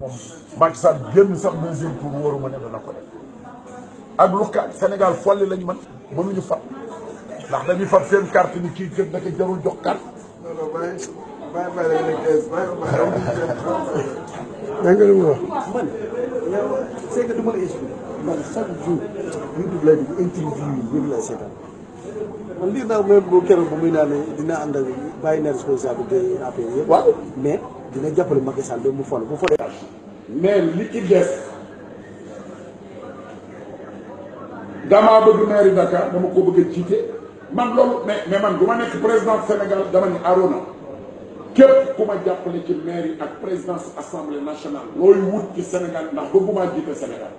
moom Macky Sall génn sax mesure pour wóoruma ne dana ko def ak lu ka Sénégal folli lañ mën mënuñu fab ndax dañuy fab seen carte ni kii kër naka jarul jox carte. bàyyi bàyyi rek rek kees bàyyi ko bàyyi ma la expliqué. man chaque jour. YouTube lay dugg naa même bu keroog bu muy ànd ak bàyyi na responsabilité APR yëpp. waaw mais. dina jàppale Macky Sall ba mu fol bu folee mais li ci des damaa bëgg maire Dakar dama ko bëgg a jiite man loolu mais mais man du ma nekk président Sénégal dama ni Arona képp ku jàppale ci maire ak présidence assemblée nationale looy wut ci Sénégal ndax bëgguma jiite Sénégal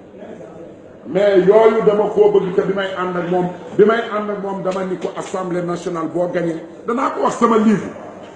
mais yooyu dama koo bëgg te bi may ànd ak moom bi may ànd ak moom dama ni ko assemblée nationale boo gagné danaa ko wax sama livre.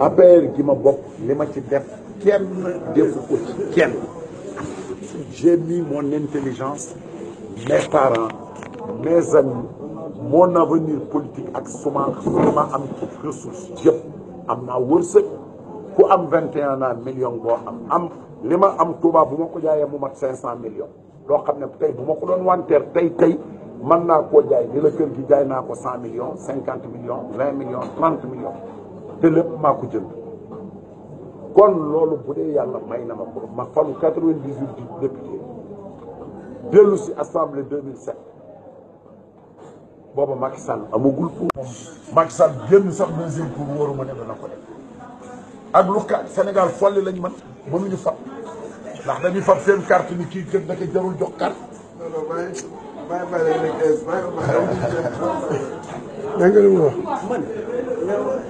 ma j'ai mis mon intelligence mes parents mes amis mon avenir politique avec suma suma am ci ressource pour am am 21 millions je am am li am 500 millions je xam ne tey ko 100 millions 50 millions 20 millions 30 millions te lépp maa ko jënd kon loolu bu dee yàlla may na ma ko ma falu quatre-vingt-dix-huit député dellu si assemblée deux mille sept booba Macky Sall amagul pour Macky Sall génn sax deuxième pour wóoru ma ne dana ko def ak lu ka Sénégal folli lañ man mënuñu fab ndax dañuy fab seen carte ni kii kër naka jarul jox carte bàyyi bàyyi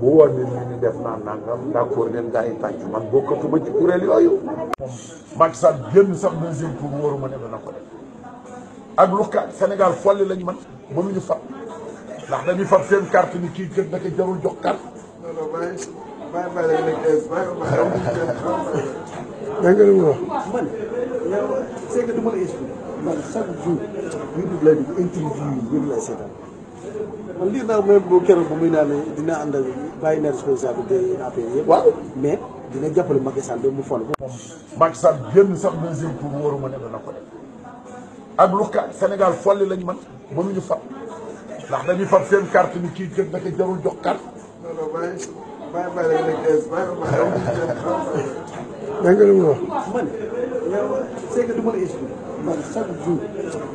bu woon ne ñu ni def naa nangam d'accord leen gars yi tàccu man bokkatuma ci kuréel yooyu. moom Macky Sall génn sax deuxième tour wóoruma ne dana ko def ak lu Sénégal folli lañ man mënuñu fab ndax dañuy fab seen carte ni kii kër naka jarul jox carte. bàyyi bàyyi la naa même ànd bàyyi na responsabilité APR yëpp. waaw mais dina jàppale Macky Sall ba mu fol. moom Macky Sall génn sax deuxième tour waruma ne dana ko def ak lu ka Sénégal folli lañ man mënuñu fat ndax dañuy fat seen carte ni kii jot naka jarul jox carte. non non bàyyi nga lu mu man yow c'est que la expliqué. man chaque jour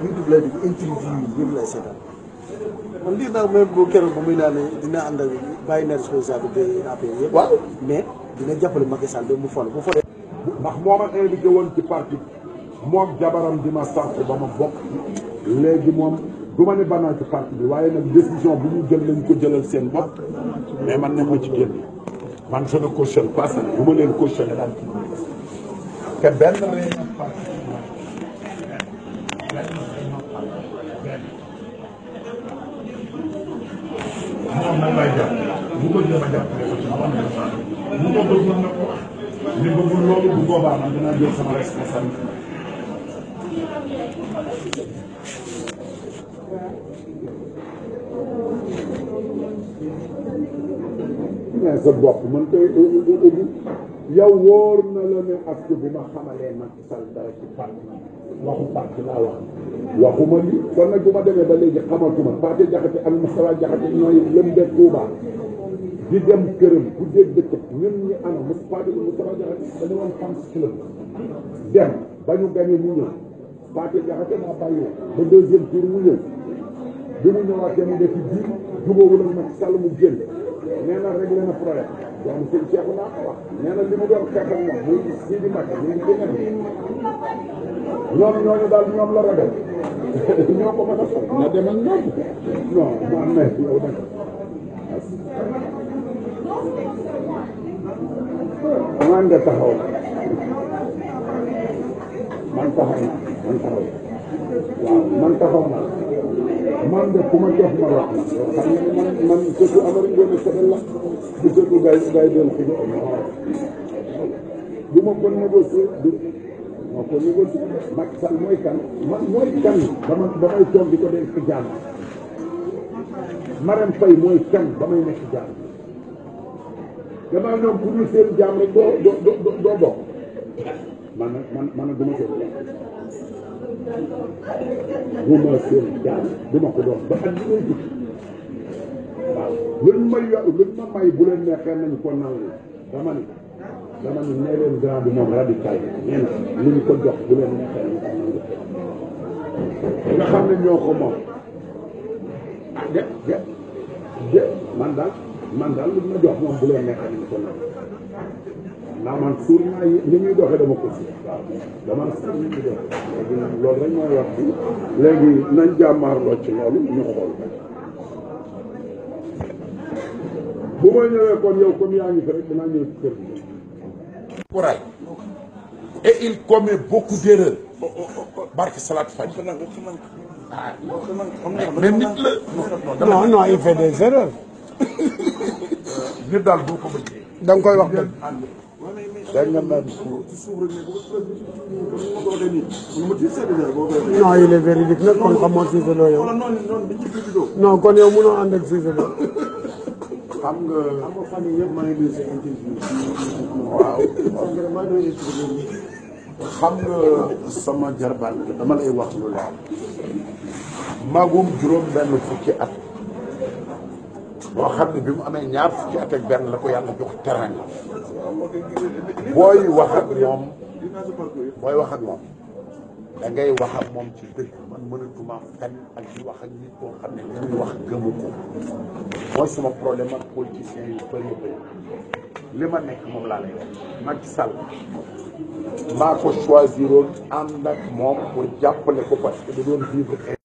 YouTube lay dugg interview yi ñëpp lay seetaan man lii daal même bu keroog bu muy naan dinaa ànd ak bàyyi na responsabilité APR yëpp. waaw mais dina jàppale Macky Sall ba mu fol bu folee. ndax moo ma invité woon ci parti moom jabaram di ma sant ba ma bokk léegi moom du ma ne banaa ci parti bi waaye nag décision bu mu jël nañ ko jëlal seen bopp mais man ne ma ci génn man je ne cautionne pas ça du ma leen cautionné daal bu ko jéem a jàppale ko ci moom la ko bu ko bëgg mën na ko wax sama responsabilité mais sa bopp man koy yow wóor na la ne ak bi ma xamalee Macky Sall dara ci parti waxu parti laa wax waxuma li kon nag bu ma demee ba léegi xamatuma di dem këram bu dégg bëccëg ñun ñu ànd Moustapha Diop Moustapha Diakhaté dañu woon fan club dem ba ñu gagné mu ñëw Pathé Diakhaté maa bàyyi ba deuxième tour mu ñëw bi mu ñëwaatee mu def ci biir jubóowul ak Macky Sall mu génn nee na na problème donc sëñ Cheikh naa a ñoom ñooñu daal ñoom la ragal ñoo ko mën a sol na dem ñoom non non mais yow nag man de taxaw man taxaw na man taxaw waaw man taxaw na man de ku ma jox ma wax na xam nga man man surtout Amari Ngoone Sobel la du surtout gay gay doon xëy na du ma ko négocier du ma ko négocier Macky Sall mooy kan man mooy kan dama damay toog di ko def ci jàmm Marème Faye mooy kan damay nekk jàmm damaa ñoom ku dul seen jaam rek doo doo doo doo bokk man man man duma seen jaam duma seen jaam duma ko doon ba at bi may waaw lu ñu ma yor lu ñu ma may bu leen neexee nañu ko nangu dama ni dama ni nee leen grand bi moom radical nee na lu ñu ko jox bu leen neexee nañu ko nangu nga xam ne ñoo ko moom ah de de de man daal man daal li ma jox moom bu leen neexee ñu ko naan ndax man suur naa li muy doxee dama ko si dama suur li muy doxee léegi rek mooy wax bi léegi nañ jàmmaarloo ci loolu ñu xool bu may ñëwee kon yow comme yaa fi rek dinaa ñëw ci kër gi. courage et il commet beaucoup d'erreurs. Oh, oh, oh, barke Salat Fadi. ah nit la. non non il fait des erreurs. nit daal boo ko bëggee. da nga koy wax dëgg. da nga mën non il est véridique nag kon xamoo Cissé Lo yow. non kon yow mënoo ànd ak Cissé Lo. xam nga. sama jarbaat dama lay wax lu leer. magum juróom benn fukki at. boo xam ne bi mu amee ñaar fukki at benn la ko yàlla jox terrain booy wax ak moom booy wax ak moom da ngay wax ak moom ci dëkk man mënatuma fen ak di wax ak nit koo xam ne li muy wax gëmu ko mooy suma problème ak politiciens yu bëri bëri li ma nekk moom laa lay wax Macky Sall maa ko choisiroon ànd ak moom pour jàppale ko parce que da vivre